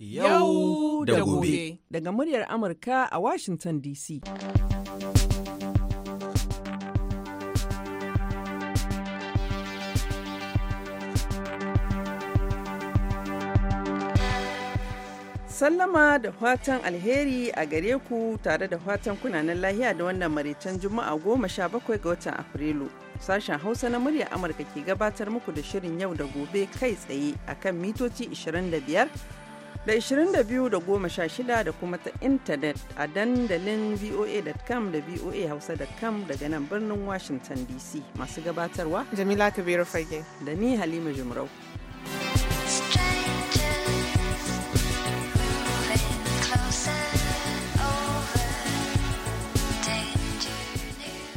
yau da gobe daga muryar Amurka a Washington DC. Sallama da fatan alheri a gare ku tare da fatan kunanan lahiya da wannan maraicen Juma'a goma sha bakwai ga watan Afrilu. Sashen Hausa na murya Amurka ke gabatar muku da shirin yau da gobe kai tsaye akan mitoci 25 da 22 da 16 da kuma ta intanet a dandalin voa.com da voahausa.com daga nan birnin washington dc masu gabatarwa jamila kabiru fage da ni halima jumrau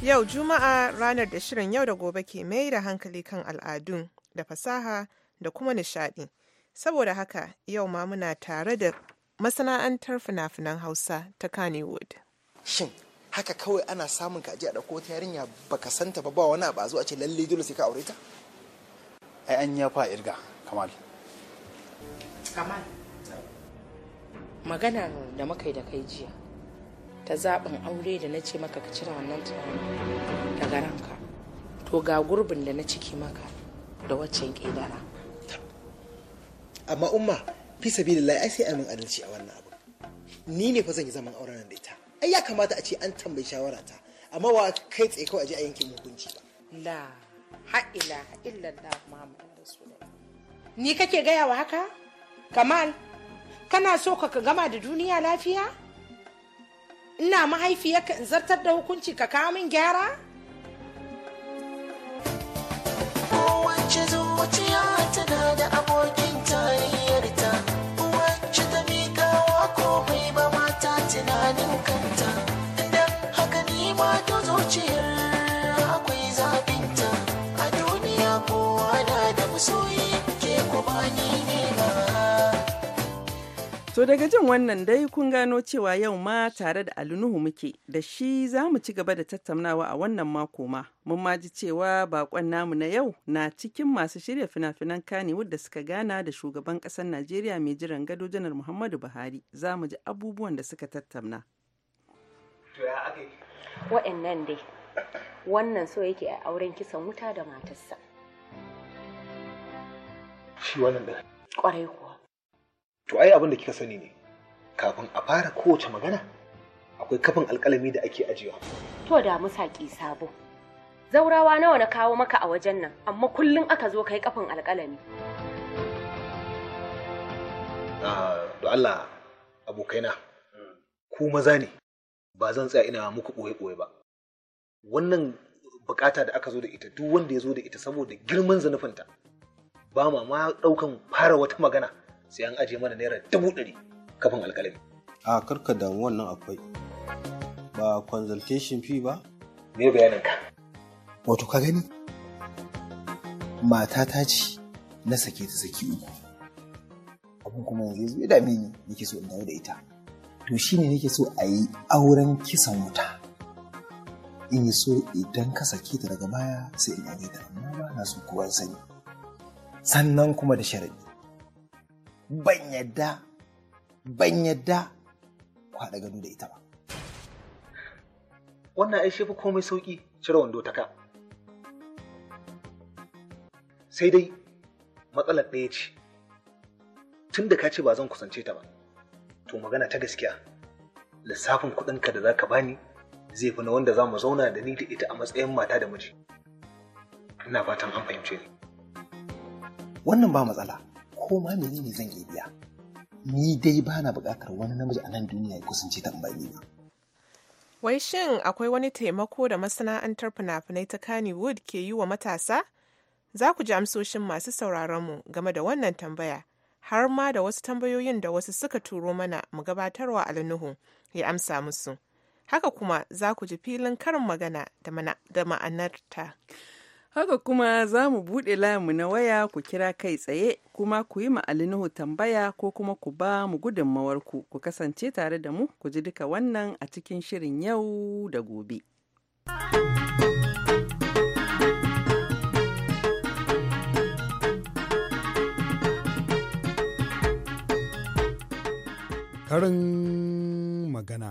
Yau Juma'a ranar da shirin yau da gobe ke mai da hankali kan al'adun da fasaha da kuma nishadi. Saboda haka yau ma muna tare da masana'antar fina-finan Hausa ta Kannywood. Shin haka kawai ana samun kaji a ɗauko ta yarinya baka santa ba ba wani abu a zo ce lalle dole sai ka aure ta? Ai an ya fa irga Kamal. Kamal. Magana da muka yi da kai jiya ta zaɓin aure da na ce maka ka cire wannan tunanin daga ranka. To ga gurbin da na ciki maka da waccan ƙidara. amma umma fi sabilillahi ai sai amin adalci a wannan abu ni ne fa zan yi zaman auren nan da ita ai ya kamata a ce an tambayi shawara ta amma wa kai tsaye kawai a je a yankin hukunci ba la ha muhammadu rasulullah ni kake gaya wa haka kamal kana so ka gama da duniya lafiya ina mahaifiyarka in zartar da hukunci ka kawo min gyara To daga jin wannan dai kun gano cewa yau ma tare da Nuhu muke da shi za mu ci gaba da tattaunawa a wannan mako ma. Mun ma ji cewa bakon namu na yau na cikin masu shirya fina-finan kani da suka gana da shugaban kasar Najeriya mai jiran gado janar Muhammadu Buhari. Za mu ji abubuwan da suka tattauna. Wa'annan dai, wannan so yake a auren kisan wuta da matarsa. to ai abin da kika sani ne kafin a fara kowace magana akwai kafin alkalami da ake ajiyewa to da musaki sabo zaurawa nawa na kawo maka a wajen nan amma kullum aka zo kai kafin alkalami Do' ah, Allah abokaina ku maza ne ba zan tsaya ina muku ɓoye-ɓoye ba wannan bukata da aka zo da ita duk wanda ya zo da ita saboda girman zanufinta ba ma ma ɗaukan fara wata magana sai an aje mana naira dubu ɗari kafin alƙalami. a karka damu wannan akwai ba consultation fee ba ne bayanin ka wato ka gani mata ta ce na sake ta saki uku abin kuma yanzu ya dame ni nake so in dawo da ita to shine nake so a yi auren kisan wuta in yi so idan ka sake ta daga baya sai in aure ta amma ba na so kowa sani sannan kuma da sharaɗi ban yadda ban yadda kwaɗa gado da ita ba wannan ai shi fi komai sauki cire wando ta ka sai dai matsalar ɗaya ce tun da ka ce ba zan kusance ta ba to magana ta gaskiya lissafin kuɗinka da za ka bani zai fi na wanda za mu zauna da ni da ita a matsayin mata da miji ina fatan an fahimce ni wannan ba matsala ko ma menene zan iya biya ni dai ba na buƙatar wani namiji a nan duniya ya kusance ta ba ba wai shin akwai wani taimako da masana'antar fina-finai ta kannywood ke yi wa matasa za ku ji amsoshin masu sauraronmu game da wannan tambaya har ma da wasu tambayoyin da wasu suka turo mana mu gabatarwa a Lanuhu ya amsa musu haka kuma za ku ji filin karin magana da ma'anarta haka kuma za mu buɗe Lamu na waya ku kira kai tsaye kuma ku yi Nuhu tambaya ko kuma ku ba mu gudunmawarku ku kasance tare da mu ku ji duka wannan a cikin shirin yau da gobe. Karin magana.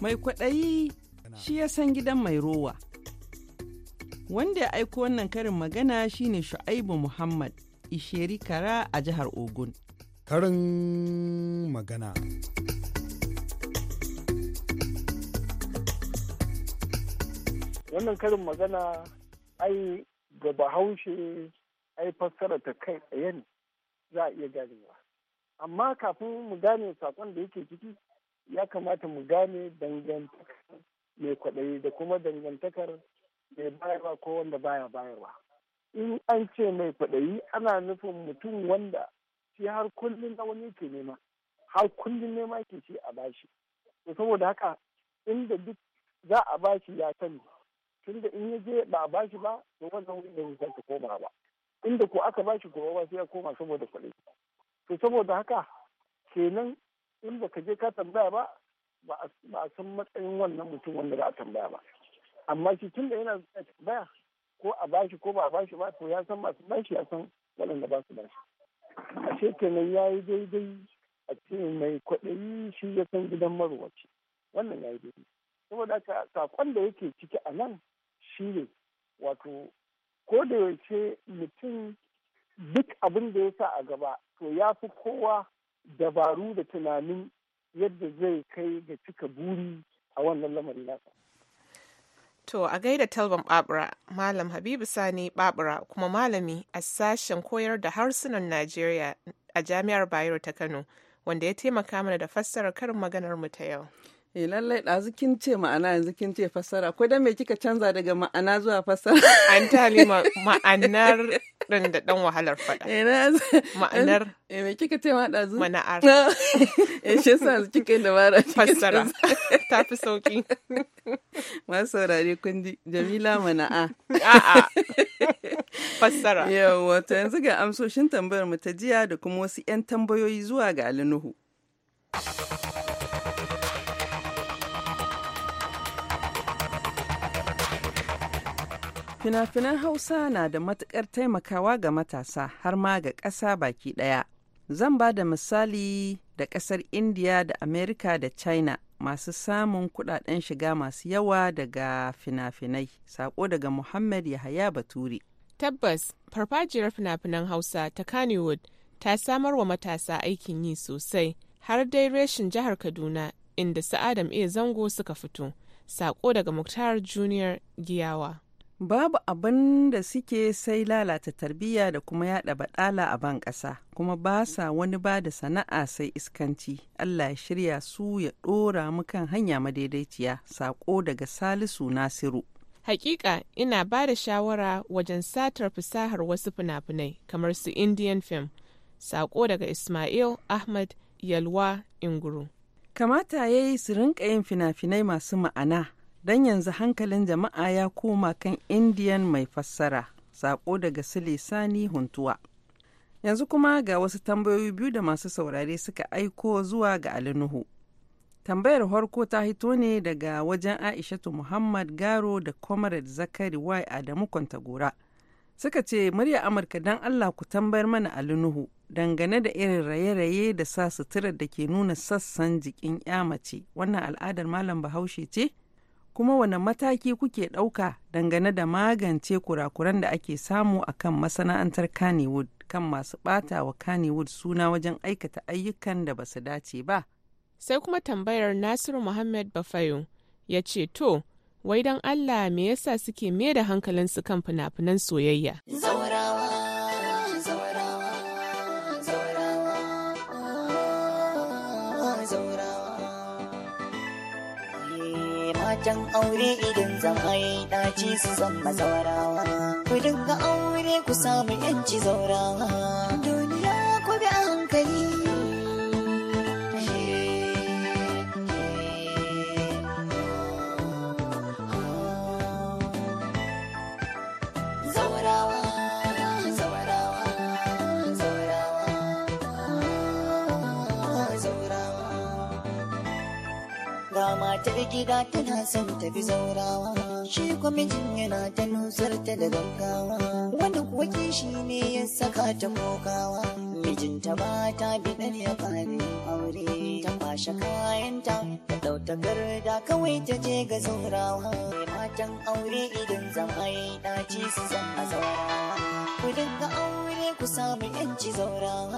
Mai kwaɗayi shi ya san gidan mai rowa. Wanda ya aiko wannan karin magana shine Shu'aibu Muhammad Isheri Kara a jihar Ogun. Karin magana. Wannan karin magana ai ga bahaushe ai fassara ta kai tsaye ne za a iya ganewa. Amma kafin mu gane sakon da yake ciki ya kamata mu gane dangantakar mai kwaɗayi da kuma dangantakar mai bayarwa ko wanda baya bayarwa in an ce mai kwaɗayi ana nufin mutum wanda shi har kullum na wani ke nema har kullum nema ke shi a bashi to saboda haka inda duk za a bashi ya sani tunda in ya ba a bashi ba to wannan wani ne ta koma ba inda ko aka bashi kuma ba sai ya koma saboda kwaɗayi to saboda haka kenan in baka je ka tambaya ba ba a san matsayin wannan mutum wanda za a tambaya ba amma shi tun da yana zuwa ko a bashi ko ba a bashi ba to ya san masu bashi ya san waɗanda ba su bashi a kenan ya yi daidai a cikin mai kwaɗayi shi ya san gidan marwaci wannan ya yi daidai saboda haka sakon da yake ciki a nan shi ne wato ko da yaushe mutum duk abin da ya sa a gaba to ya fi kowa dabaru da tunanin yadda zai kai ga cika buri a wannan lamarin nasa. To a gaida Talban Babura, Malam Habibu Sani Babura kuma malami a sashen koyar da harsunan Najeriya a Jami'ar Bayero ta Kano, wanda ya taimaka mana da fassarar karin maganar mu ta yau. Eh lallai ɗazu kin ce ma'ana yanzu kin ce fassara. Ko dan me kika canza daga ma'ana zuwa fassara? An ta ma'anar din da dan wahalar faɗa. Eh, Ma'anar. E me kika ce ma ɗazu? Mana'ar. E shi sa su kika yi dabara. Fassara. Ta fi sauƙi. Masu saurare kundi Jamila Mana'a. A'a. Fassara. Yawwa to yanzu ga amsoshin tambayar mu ta jiya da kuma wasu 'yan tambayoyi zuwa ga Alinuhu. Fina-finan Hausa na da matukar taimakawa ga matasa har ma ga ƙasa baki ɗaya. Zan ba da misali da ƙasar indiya da Amerika da China masu samun kuɗaɗen shiga masu yawa daga fina-finai. Sako daga Muhammad Yahaya Baturi. Tabbas, farfajiyar fina-finan Hausa ta Kannywood ta samar wa matasa aikin yi sosai har dai reshin jihar Kaduna inda Sa'adam iya Zango suka fito. Sako daga Muktar Junior Giyawa. babu abin da suke sai lalata tarbiyya da kuma yada baɗala a ban ƙasa kuma ba sa wani ba da sana'a sai iskanci allah ya shirya su ya ɗora mu kan hanya madaidaiciya saƙo daga salisu nasiru Hakika ina ba da shawara wajen satar fasahar wasu fina-finai kamar su Indian film, saƙo daga Ismail Ahmad Yalwa Inguru. Kamata ya yi su rinƙa yin fina-finai masu ma'ana don yanzu hankalin jama'a ya koma kan Indian mai fassara, sako daga Sule Sani Huntuwa. Yanzu kuma ga wasu tambayoyi biyu da masu saurare suka aiko zuwa ga Ali Tambayar harko ta hito ne daga wajen Aishatu Muhammad Garo da Comrade Zakari Y Adamu Kwantagora. Suka ce murya Amurka don Allah ku tambayar mana Ali dangane da irin raye-raye da sa suturar da ke nuna sassan jikin ya mace. Wannan al'adar Malam Bahaushe ce? kuma wane mataki kuke ɗauka dangane da magance kurakuran da ake samu a kan masana'antar Kannywood kan masu ɓata wa Kannywood suna wajen aikata ayyukan da ba su dace ba. Sai kuma tambayar Nasiru Muhammad Bafayo ya ce, To, wai don Allah me yasa suke me da hankalinsu kan fina-finan soyayya. can aure idan zama yi ɗaci su zama zaurawa. Ku dinga aure ku samu ‘yanci zaurawa. matar gida tana son tafi zaurawa shi kwamitin yana ta nusar ta da gaggawa wani kuwa kishi ne ya saka ta kokawa mijinta ba ta bidar ya kare aure ta kwashe kayanta ta dauta garda kawai ta je ga zaurawa matan aure idan zama ya dace su zama zaurawa ku dinga aure ku samu yanci zaurawa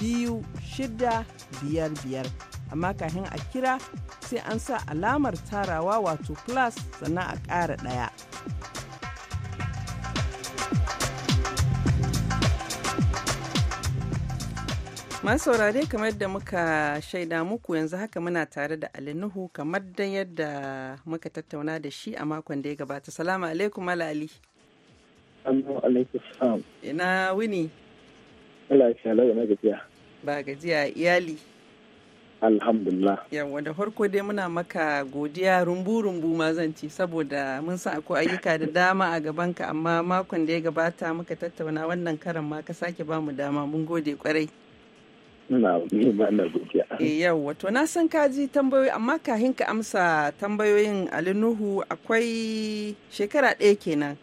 biyu shida biyar biyar amma kafin a kira sai an sa alamar tarawa wato class sannan a ƙara ɗaya. Man saurare kamar da muka shaida muku yanzu haka muna tare da Ali kamar da yadda muka tattauna da shi a makon da ya gabata. Salamu alaikum Mala Ina wuni. Allah ya da gajiya. Ba gajiya iyali. Alhamdulillah. Yawon da farko dai muna maka godiya rumbu-rumbu ma zan ci saboda mun san akwai ayyuka da dama a gabanka amma makon da ya gabata muka tattauna wannan karan ma ka sake bamu dama mun gode kwarai. Ina da godiya. Eh, yawwa to na san kaji ji tambayoyi amma kahin ka amsa tambayoyin Ali Nuhu akwai shekara ɗaya kenan.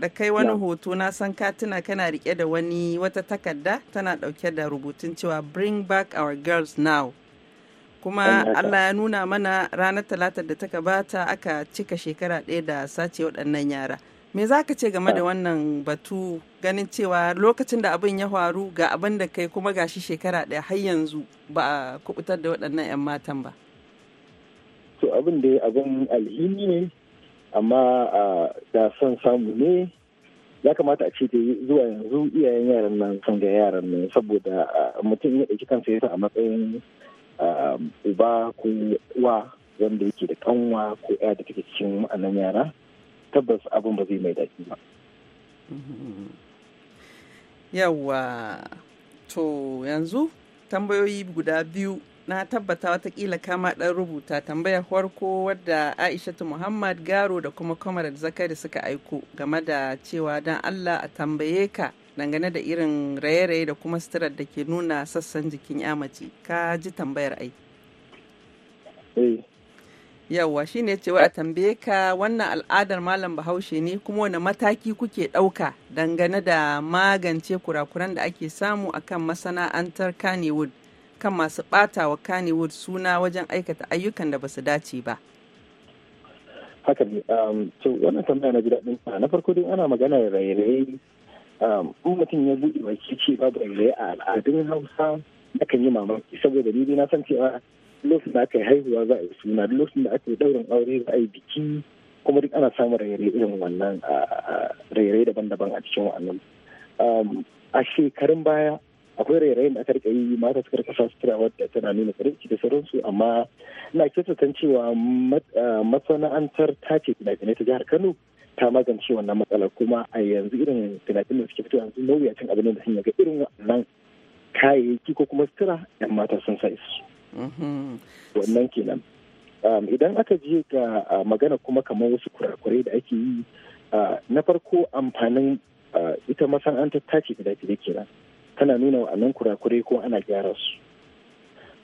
da kai wani hoto na san katina kana rike da wani wata takarda tana dauke da rubutun cewa bring back our girls now kuma Allah ya nuna mana ranar talatar da ta gabata aka cika shekara ɗaya da sace waɗannan yara me za ka ce game da wannan batu ganin cewa lokacin da abin ya faru ga abin da kai kuma gashi shekara ɗaya har yanzu ba a kubutar da waɗannan 'yan matan ba to abin da abin alhini ne amma da son samu ne ya kamata a ce da zuwa yanzu iyayen yaran nan son ga yaran nan saboda mutum ya ɗauki kansa yasa a matsayin uba ko wa wanda yake da kanwa ko ya da take cikin ma'anan yara tabbas abin ba zai mai daɗi ba. Yawwa, to yanzu tambayoyi guda biyu na tabbata watakila kama dan rubuta tambayar farko wadda aishatu muhammad garo da kuma comrade zakari suka aiko game da cewa dan allah a tambaye ka dangane da irin raye-raye da kuma sitirar da ke nuna sassan jikin yamaci ka ji tambayar aiki eh. yawwa shine cewa a tambaye ka wannan al'adar malam bahaushe ne kuma wani mataki kuke ɗauka dangane da magance kurakuran da ake samu akan masana'antar kannywood kan masu ɓata wa Kannywood suna wajen aikata ayyukan da ba su dace ba. Haka ne, um, to wannan tambaya na ji daɗin na farko dai ana magana da rairayi. Um, in mutum ya buɗe wa ce babu rairayi a al'adun Hausa na kan yi mamaki saboda ni na san cewa lokacin da aka yi haihuwa za a yi suna lokacin da aka yi ɗaurin aure za a yi biki kuma duk ana samun rairayi irin wannan rairayi daban-daban a cikin wannan um, a shekarun baya akwai rairayin da aka rika yi mata suka rika sutura wadda tana nuna tsarki da sauransu amma ina kyautatan cewa eh, masana'antar ta ce fina-finai ta jihar kano ta magance wannan matsala kuma a yanzu irin fina-finan suke fito yanzu mawuyacin abu ne da sun yaga irin wannan kayayyaki ko kuma sutura yan mata sun sa su. Mm-hmm. wannan kenan um, idan aka je ga magana kuma kamar wasu kurakurai da ake yi uh, na farko amfanin uh, ita masana'antar ta tace fina-finai kenan tana nuna wa'annan kurakure ko ana gyara su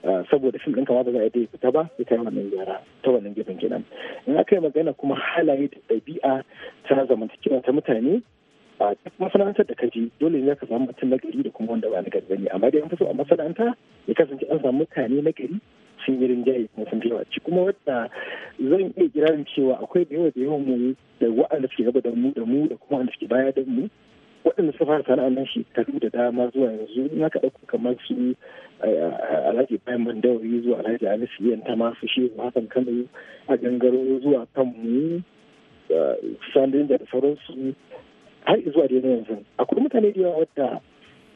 ah, saboda fim ɗinka ma ba za a iya fita ba sai kai wannan gyara ta wannan gefen kenan in aka yi magana kuma halaye da ɗabi'a ta zamantakewa ta mutane a duk masana'antar da ka je dole ne ka samu mutum na gari da kuma wanda ba na gari bane amma dai an fi so a masana'anta ya kasance an samu mutane na gari sun yi rinjaye kuma sun yawa ci kuma wadda zan iya kirarin cewa akwai da yawa da yawan mu da wa'anda suke gaba da mu da mu da kuma wanda suke baya da mu waɗanda suka fara sana'ar nan ta da dama zuwa yanzu in aka ɗauka kamar su alhaji bayan mandawari zuwa alhaji alisu yan ta masu shehu hakan kano a gangaro zuwa kan mu sandin da sauransu har zuwa da yanzu akwai mutane da yawa wadda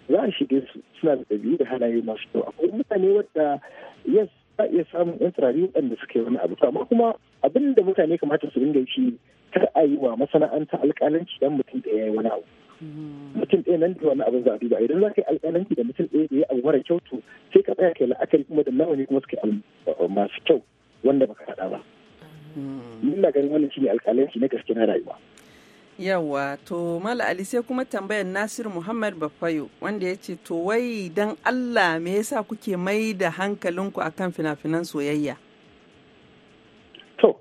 za a shige su suna da ɗabi'u da halaye masu kyau akwai mutane wadda yes za iya samun yan turare waɗanda suka yi wani abu amma kuma abin da mutane kamata su dinga shi kar a yi wa masana'anta alƙalanci dan mutum da ya yi wani abu mutum ɗaya nan da wani abin za a duba idan za ka yi alƙalanci da mutum ɗaya da ya abu mara kyau to sai ka tsaya kai la'akari kuma da nawa ne kuma suke masu kyau wanda baka haɗa ba. na ganin wannan shine alƙalanci na gaske na rayuwa. Yawa to Mala Ali sai kuma tambayar Nasir Muhammad Bafayo wanda ya ce to wai dan Allah me yasa kuke mai da hankalinku akan fina-finan soyayya? To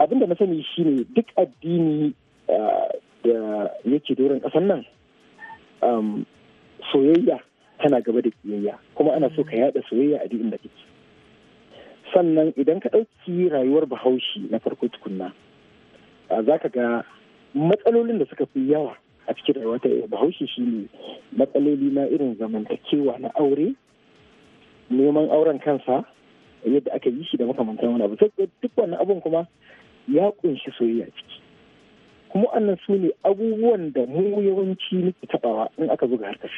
abin na sani shine duk addini ah, da yake doron kasan nan um, soyayya tana gaba da kiyayya kuma ana so ka yada soyayya a duk da kake sannan idan ka ɗauki rayuwar bahaushe na farko tukunna za ka ga matsalolin da suka fi yawa a cikin rayuwa ta bahaushe ne matsaloli na irin zamantakewa na aure neman auren kansa yadda aka yi shi da makamantan wani abu duk wannan abun kuma ya ƙunshi soyayya ciki. kuma annan su ne abubuwan da mu yawanci muke tabawa in aka zo ga harkar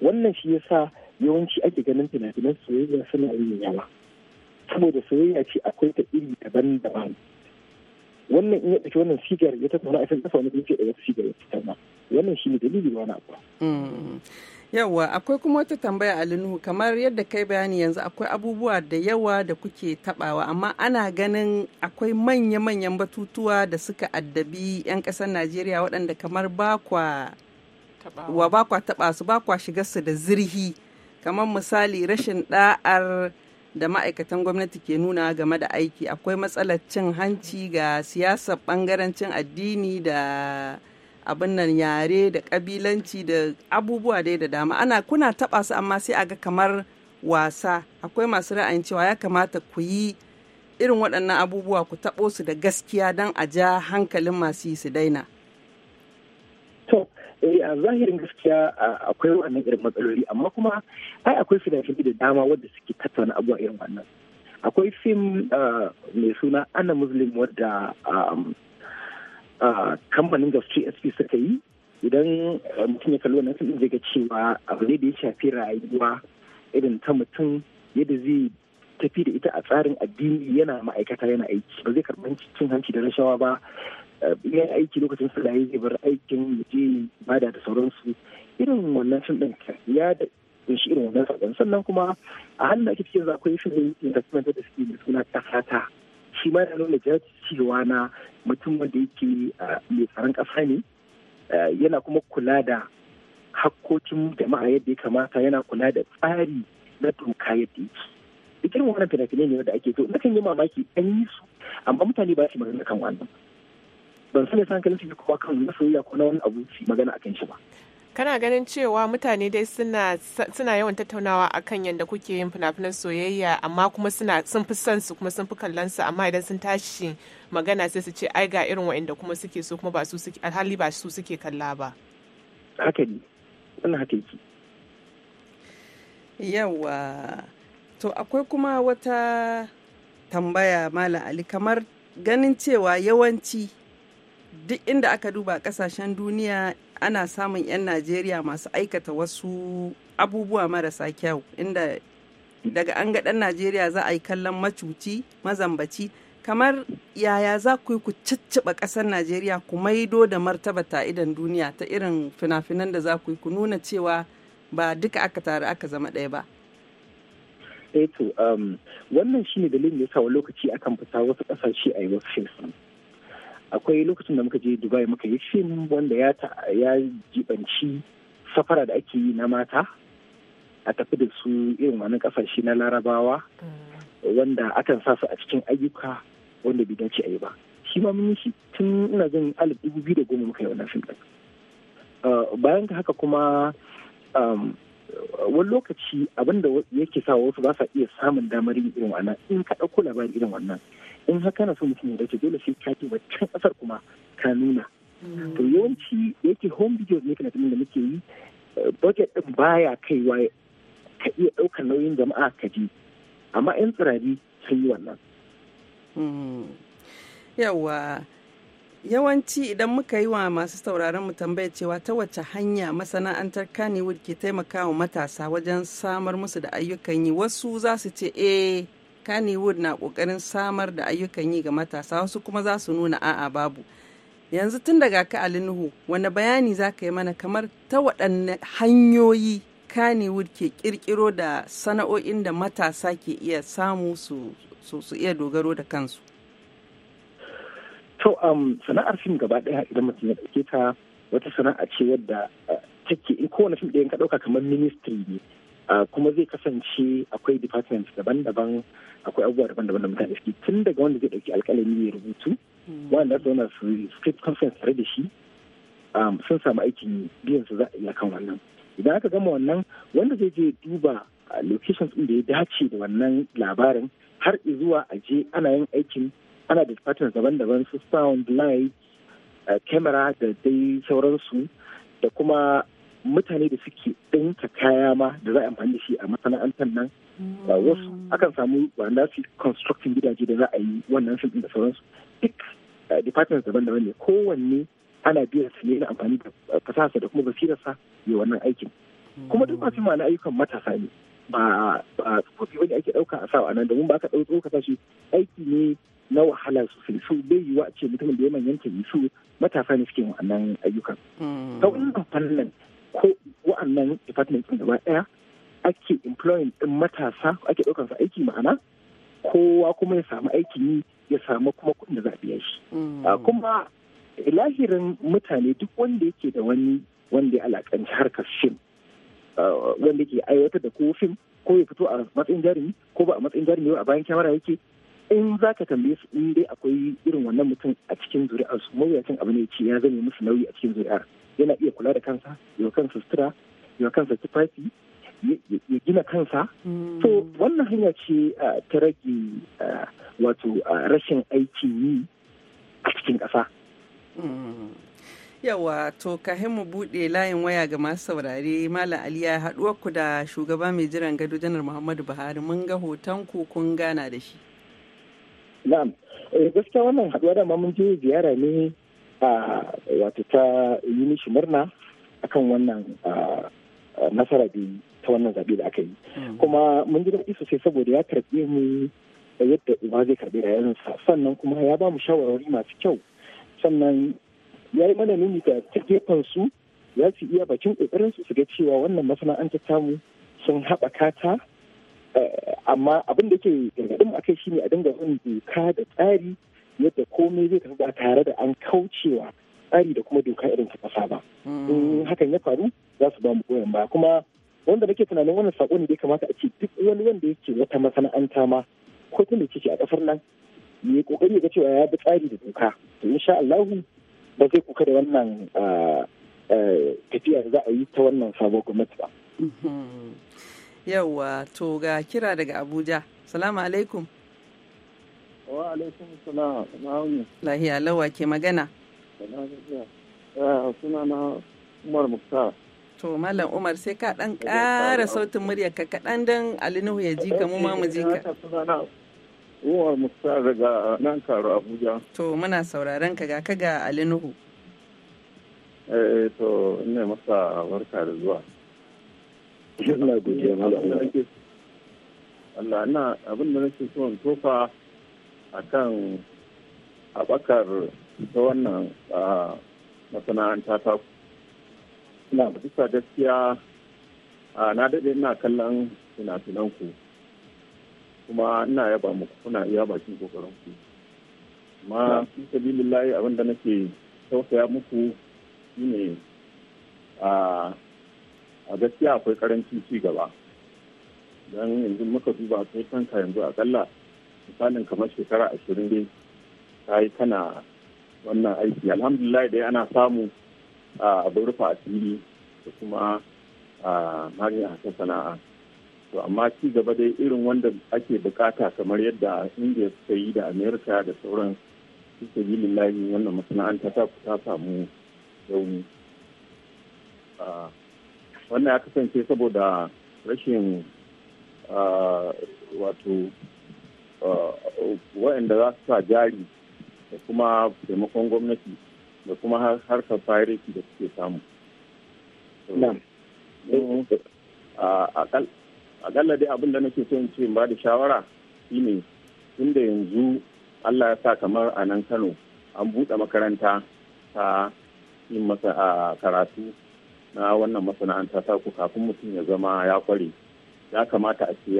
wannan shi yasa yawanci ake ganin fina-finan soyayya suna yin yawa saboda soyayya ce akwai ta iri daban-daban wannan in ya ɗauki wannan sigar ya tattauna a kan kafa wani kuma ce da eh, wata sigar ya ma. wannan shi ne dalili wani abu mm. yawa akwai kuma wata tambaya a nuhu kamar yadda kai bayani yanzu akwai abubuwa da yawa da kuke tabawa amma ana ganin akwai manya-manyan batutuwa da suka addabi 'yan kasar najeriya waɗanda kamar bakwa bakwa taba su bakwa shiga su da zirhi kamar misali rashin ɗa'ar da ma'aikatan gwamnati ke nuna game da aiki akwai matsalar cin hanci ga siyasar bangarancin addini da abin nan yare da kabilanci da abubuwa dai da dama ana kuna taba su amma sai a ga kamar wasa akwai masu ra'ayin cewa ya kamata ku yi irin waɗannan abubuwa ku taɓo su da gaskiya don a ja hankalin masu yi su daina. To, eh, a zahirin gaskiya akwai waɗannan irin matsaloli amma kuma ai akwai fina-finai da dama wadda suke tattauna abubuwa irin wannan. Akwai fim eh, mai suna Ana Muslim wadda um, kamfanin gas sp suka yi idan eh, mutum ya kalli wannan fim zai ga cewa abu ne da ya shafi rayuwa irin ta mutum yadda zai tafi da ita a tsarin addini yana ma'aikata yana aiki ba zai karɓar cin hanci da rashawa ba eh, ya aiki lokacin filaye zai bar aikin je bada da sauransu irin wannan fim ɗin ya da shi irin wannan sannan kuma a hannun ake cikin zakwai fim ɗin da suke da suna ta shi ma da nuna cewa na mutum wanda yake mai tsaron ƙasa ne yana kuma kula da hakkokin jama'a yadda ya kamata yana kula da tsari na doka yadda yake duk irin wannan fina-finai ne wanda ake to na kan yi mamaki an yi su amma mutane ba su magana kan wannan ban sani san kalin su kowa kan na ko na wani abu magana akan shi ba kana ganin cewa mutane dai suna, yawan tattaunawa akan yadda kuke yin fina-finan soyayya amma kuma suna sun fi son su kuma sun fi kallon su amma idan sun tashi magana sai su ce ai ga irin wa'inda kuma suke so kuma ba su suke alhali ba su suke kalla ba haka ne wannan haka yake yawa to akwai kuma wata tambaya malam ali kamar ganin cewa yawanci duk inda aka duba kasashen duniya ana samun 'yan najeriya masu aikata wasu abubuwa marasa kyau inda daga an ga ɗan najeriya za a yi kallon macuci mazambaci kamar yaya za ku yi ku cicciɓa ƙasar najeriya ku maido da martaba ta idan duniya ta irin fina-finan da za ku yi ku nuna cewa ba duka aka tare aka zama ɗaya ba eto eh um, wannan wannan shine dalilin da yasa wa lokaci akan fita wasu ƙasashe a yi wasu akwai lokacin da muka je dubai muka yi fim wanda ya ya jibanci safara da ake yi na mata a tafi da su irin wani kasashe na larabawa mm. wanda akan sa su a cikin ayyuka wanda bai dace a yi ba shi ma mun yi shi tun ina jin alif dubu biyu da goma muka yi wannan fim uh, bayan ga haka kuma um, wani lokaci abinda yake sa wasu ba sa iya samun damar yin irin wannan in ka ɗauko labarin irin wannan in haka na so mutum ya dace dole sai ka duba can kasar kuma ka nuna mm. to yawanci yake home videos ne fina da muke yi eh, budget din baya kaiwa ka iya ɗaukar nauyin jama'a ka je amma 'yan tsirari sun yi wannan mm. yawa yawanci idan muka yi wa masu sauraron mu tambaya cewa ta wace hanya masana'antar kanewood ke taimakawa matasa wajen samar musu da ayyukan yi wasu za su ce eh Kannywood na kokarin samar da ayyukan yi ga matasa wasu kuma za su nuna a'a babu. Yanzu tun daga ka Nuhu, wani bayani za ka yi mana kamar ta waɗanne hanyoyi Kannywood ke kirkiro da sana'o'in da matasa ke iya samu su, iya dogaro da kansu? To, um, sana'ar fim gaba ɗaya idan mutum ya ɗauke ta wata sana'a ce yadda uh, take in kowane fim ɗaya ka ɗauka kamar ministry ne Ah, kuma zai kasance akwai department daban-daban akwai abubuwa daban-daban da mutane suke tun daga wanda zai dauki alkalami ya rubutu hmm. wanda su zauna su script conference tare da shi um, sun samu aikin biyan su za a iya kan wannan idan aka gama wannan wanda zai je duba ah, locations din da ya dace da wannan labarin har zuwa a je ana yin aikin ana da departments daban-daban su sound light ah, camera da dai sauransu da kuma mutane da suke ɗinka kaya ma da za a amfani da shi a masana'antar nan wasu mm. akan samu wanda su constructing gidaje da za a yi wannan sun da sauransu duk eh, departments daban-daban ne kowanne ana biyar su yana amfani da eh, fasaha da kuma basirarsa ya wannan aikin kuma duk masu ma'ana ayyukan matasa ne ba tsofaffi wani ake ɗauka a sawa nan domin ba ka ɗauka ka shi aiki ne na wahala sosai so bai yiwa a ce mutumin da ya manyanta yi su matasa ne suke wannan ayyukan. Sau in nan. ko wa'annan department ɗin gaba ɗaya ake employing ɗin matasa ake ɗaukar su aiki ma'ana kowa kuma ya samu aikin yi ya samu kuma kuɗin da za a biya shi. Mm. Ah, kuma lahirin mutane duk wanda yake da wani wanda ya alakanci harkar fim ah, wanda ke aiwatar da ko fim ko ya fito a matsayin jarumi ko ba a matsayin jarumi ba a bayan kyamara yake in za ka tambaye su in dai akwai irin wannan mutum a cikin zuri'ar su mawuyacin abu ne ce ya zame musu nauyi a cikin zuri'ar yana iya kula da kansa yau kansa sutura yau kansa tufafi ya gina kansa to hmm. wannan hanya ce ta rage wato rashin aiki yi a cikin ƙasa hmm. yawa to kahin mu buɗe layin waya ga masu saurare malam ali ya haɗuwar ku da shugaba mai jiran gado janar muhammadu buhari mun ga hoton ku kun gana da shi na'am eh, gaskiya wannan haɗuwa da mun je ziyara ne wato ta yi mishi murna akan wannan ah, nasara biyu ta wannan zaɓe da aka yi hmm. kuma mun ji daɗi sosai saboda ya karɓe mu da yadda uba zai karɓi rayuwarsa sannan kuma ya ba mu shawarwari masu kyau sannan ya yi mana nuni da ta gefen su ya su iya bakin ƙoƙarin su su ga cewa wannan masana'anta mu sun haɓaka ta eh, amma abin da ke gargaɗin a kai shine a dinga bin doka da tsari yadda komai zai tafi ba tare da an kaucewa tsari da kuma doka irin ta kasa ba mm. in hakan ya faru za su ba mu goyon baya kuma wanda nake tunanin wannan sako ne da kamata a ce duk wani wanda yake wata masana'anta ma ko tun da ke a kasar nan ya kokari ga cewa ya bi tsari da doka to sha allahu ba zai kuka da wannan ah, ah, tafiya da za a yi ta wannan sabo gwamnati ba. Mm-hmm. Yawwa to ga kira daga Abuja. Salamu alaikum. Wa alaikum salam. Lahiya lawa ke magana. Eh, suna na Umar Muktar. To Malam Umar sai ka ɗan ƙara sautin murya ka kaɗan don Alinuhu ya ji ka ma mu ji ka. Umar Muktar daga nan karo Abuja. To muna sauraron ka ga ka ga Alinuhu. Eh to ina masa barka da zuwa. Allah na abin da nake so in tofa a kan haɓakar ta wannan masana'anta ta ku. ina bisa gaskiya na daɗe ina kallon fina-finan ku kuma ina yaba muku kuna iya bakin kokarin ku amma fi lallai abin da nake tausaya muku shine a gaskiya akwai karancin ci gaba don yanzu muka duba sai kanka yanzu akalla misalin kamar shekara ashirin dai ta yi kana wannan aiki alhamdulillah dai ana samu a abin rufa asiri da kuma magani a sana'a to amma ci gaba dai irin wanda ake bukata kamar yadda india suka yi da america da sauran suka yi lillahi wannan masana'anta ta ta samu rauni wannan ya kasance saboda rashin wato Uh, waɗanda za su sa jari da kuma taimakon gwamnati da kuma harkar piracy da suke samu. Akalla uh, dai abin da nake son ce ba da shawara shine tunda yanzu Allah ya sa kamar a nan Kano an buɗe makaranta ta yin masa uh, karatu na wannan masana'anta ta ku kafin mutum ya zama ya kware ya kamata a ce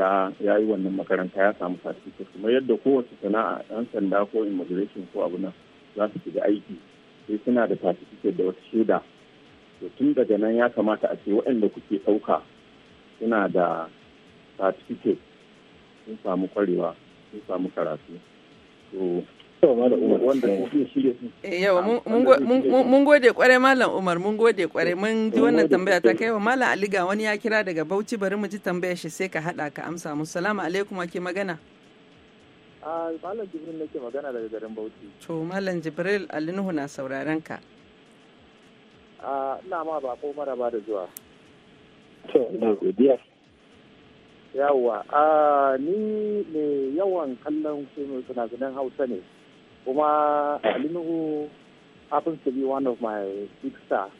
ya yi wannan makaranta ya samu certificate kuma yadda kowace sana'a ɗan sanda ko immigration ko abu nan za su shiga aiki sai suna da certificate da wata shaida to tun daga nan ya kamata a ce waɗanda kuke ɗauka suna da certificate sun samu kwarewa sun samu karatu to Yawa mun gode kwarai Malam Umar mun gode kwarai mun ji wannan tambaya ta kai wa Malam Ali ga wani ya kira daga Bauchi bari mu ji tambayar shi sai ka hada ka amsa mu. Salamu alaikum ake magana. Ah, Malam Jibril nake magana daga garin Bauchi. To Malam Jibril na sauraron ka. Ah, ina zuwa. To Yawwa, ah, ni ne yawan kallon fina Hausa ne. kuma alinuhu happens to be one of my big star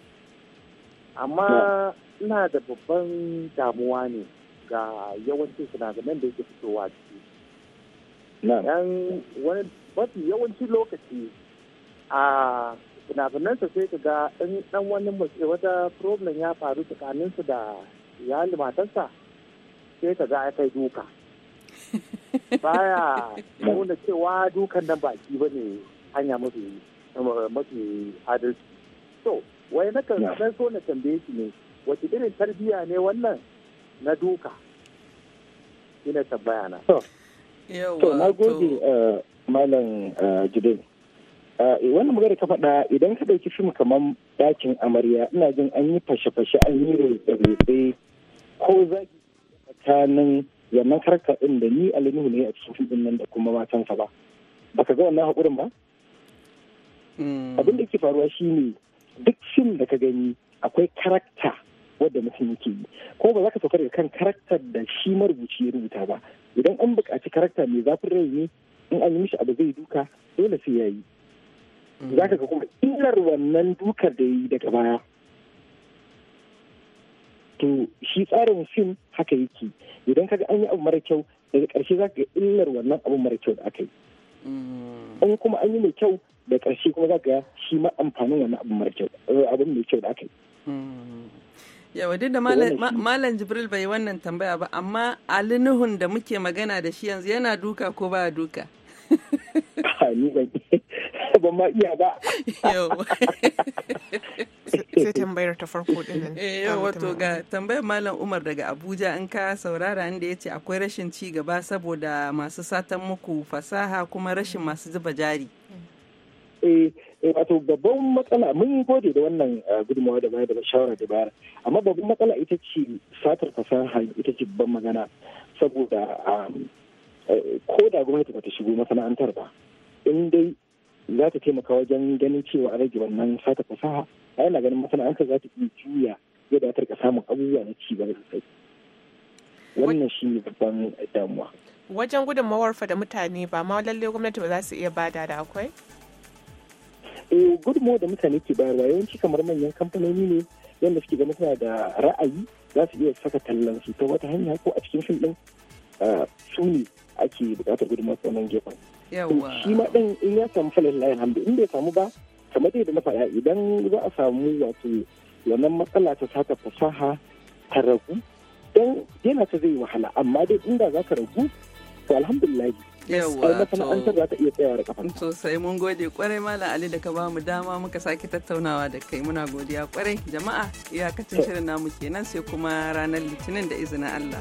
amma ina da babban damuwa ne ga yawancin sinadaran da yake fitowa ciki dan wani mafi yawancin lokaci a finafinansa sai ka ga dan wani eh, wata problem ya faru tsakaninsu da ya matarsa sai ka ga ya kai duka baya nuna cewa dukan nan baki ba ne hanya mafi mafi adalci so wai na kan san so na tambaye shi ne wace irin tarbiyya ne wannan na duka ina tambaya na to na gode eh, malam eh, jibin eh, wannan magana ka faɗa idan ka ɗauki fim kamar ɗakin amarya ina jin an yi fashe-fashe an yi rai ko zaki tsakanin wannan karka din da ni alinuhu ne a cikin din nan da kuma matansa ba ba ka ga wannan haƙurin ba hmm. abin da ke faruwa shi ne duk fim da ka gani akwai karakta wadda mutum yake yi ko ba za ka saukar da kan karaktar da shi marubuci ya rubuta ba idan an buƙaci karakta mai zafin rai ne in an yi mishi abu zai duka dole sai ya yi hmm. za ka ga kuma illar wannan dukar da ya yi daga baya wato shi tsarin fim haka yake idan kaga an yi abu mara kyau daga ƙarshe za ka illar wannan abu mara kyau da aka yi mm. in kuma an yi mai kyau da ƙarshe kuma za ka ga shi ma amfanin wannan abu mara kyau eh, abin mai kyau da aka yi mm. yawa duk da malam jibril bai wannan tambaya ba amma alinuhun da muke magana da shi yanzu yana duka ko ba duka ba ma iya ba sai tambayar ta farko din eh, wato ga tambayar malam Umar daga Abuja in ka saurara inda ce akwai rashin ci gaba saboda masu satan muku fasaha kuma rashin masu zuba jari eh, eh wato babban matsala mun gode da wannan eh, gudunmawa da bayar da shawara da bayar amma babban matsala ita ce satar fasaha ita ce babban magana saboda um, ko da gwamnati ba ta shigo masana'antar ba in dai za ta taimaka wajen ganin cewa a rage wannan sata fasaha a yana ganin masana'antar za ta iya juya yadda ta rika samun abubuwa na ci gaba sai wannan shi ne babban damuwa wajen gudun fa da mutane ba ma lalle gwamnati ba za su iya bada da akwai eh gudunmawar da mutane ke bayarwa yawanci kamar manyan kamfanoni ne yadda suke ganin suna da ra'ayi za su iya saka tallan su ta wata hanya ko a cikin fim din ah, su ne ake bukatar gudunmawar wannan gefen shi ma ɗin in ya samu falin layin hamdu in bai samu ba kamar dai da na faɗa idan za a samu wato wannan matsala ta sata fasaha ta ragu dan yana ta zai wahala amma dai inda za ka ragu to alhamdulillah yawa masana'antar za ta iya tsayawa da kafa sosai mun gode kwarai malam ali da ka ba mu dama muka sake tattaunawa da kai muna godiya kwarai jama'a iyakacin shirin namu kenan sai kuma ranar litinin da izinin allah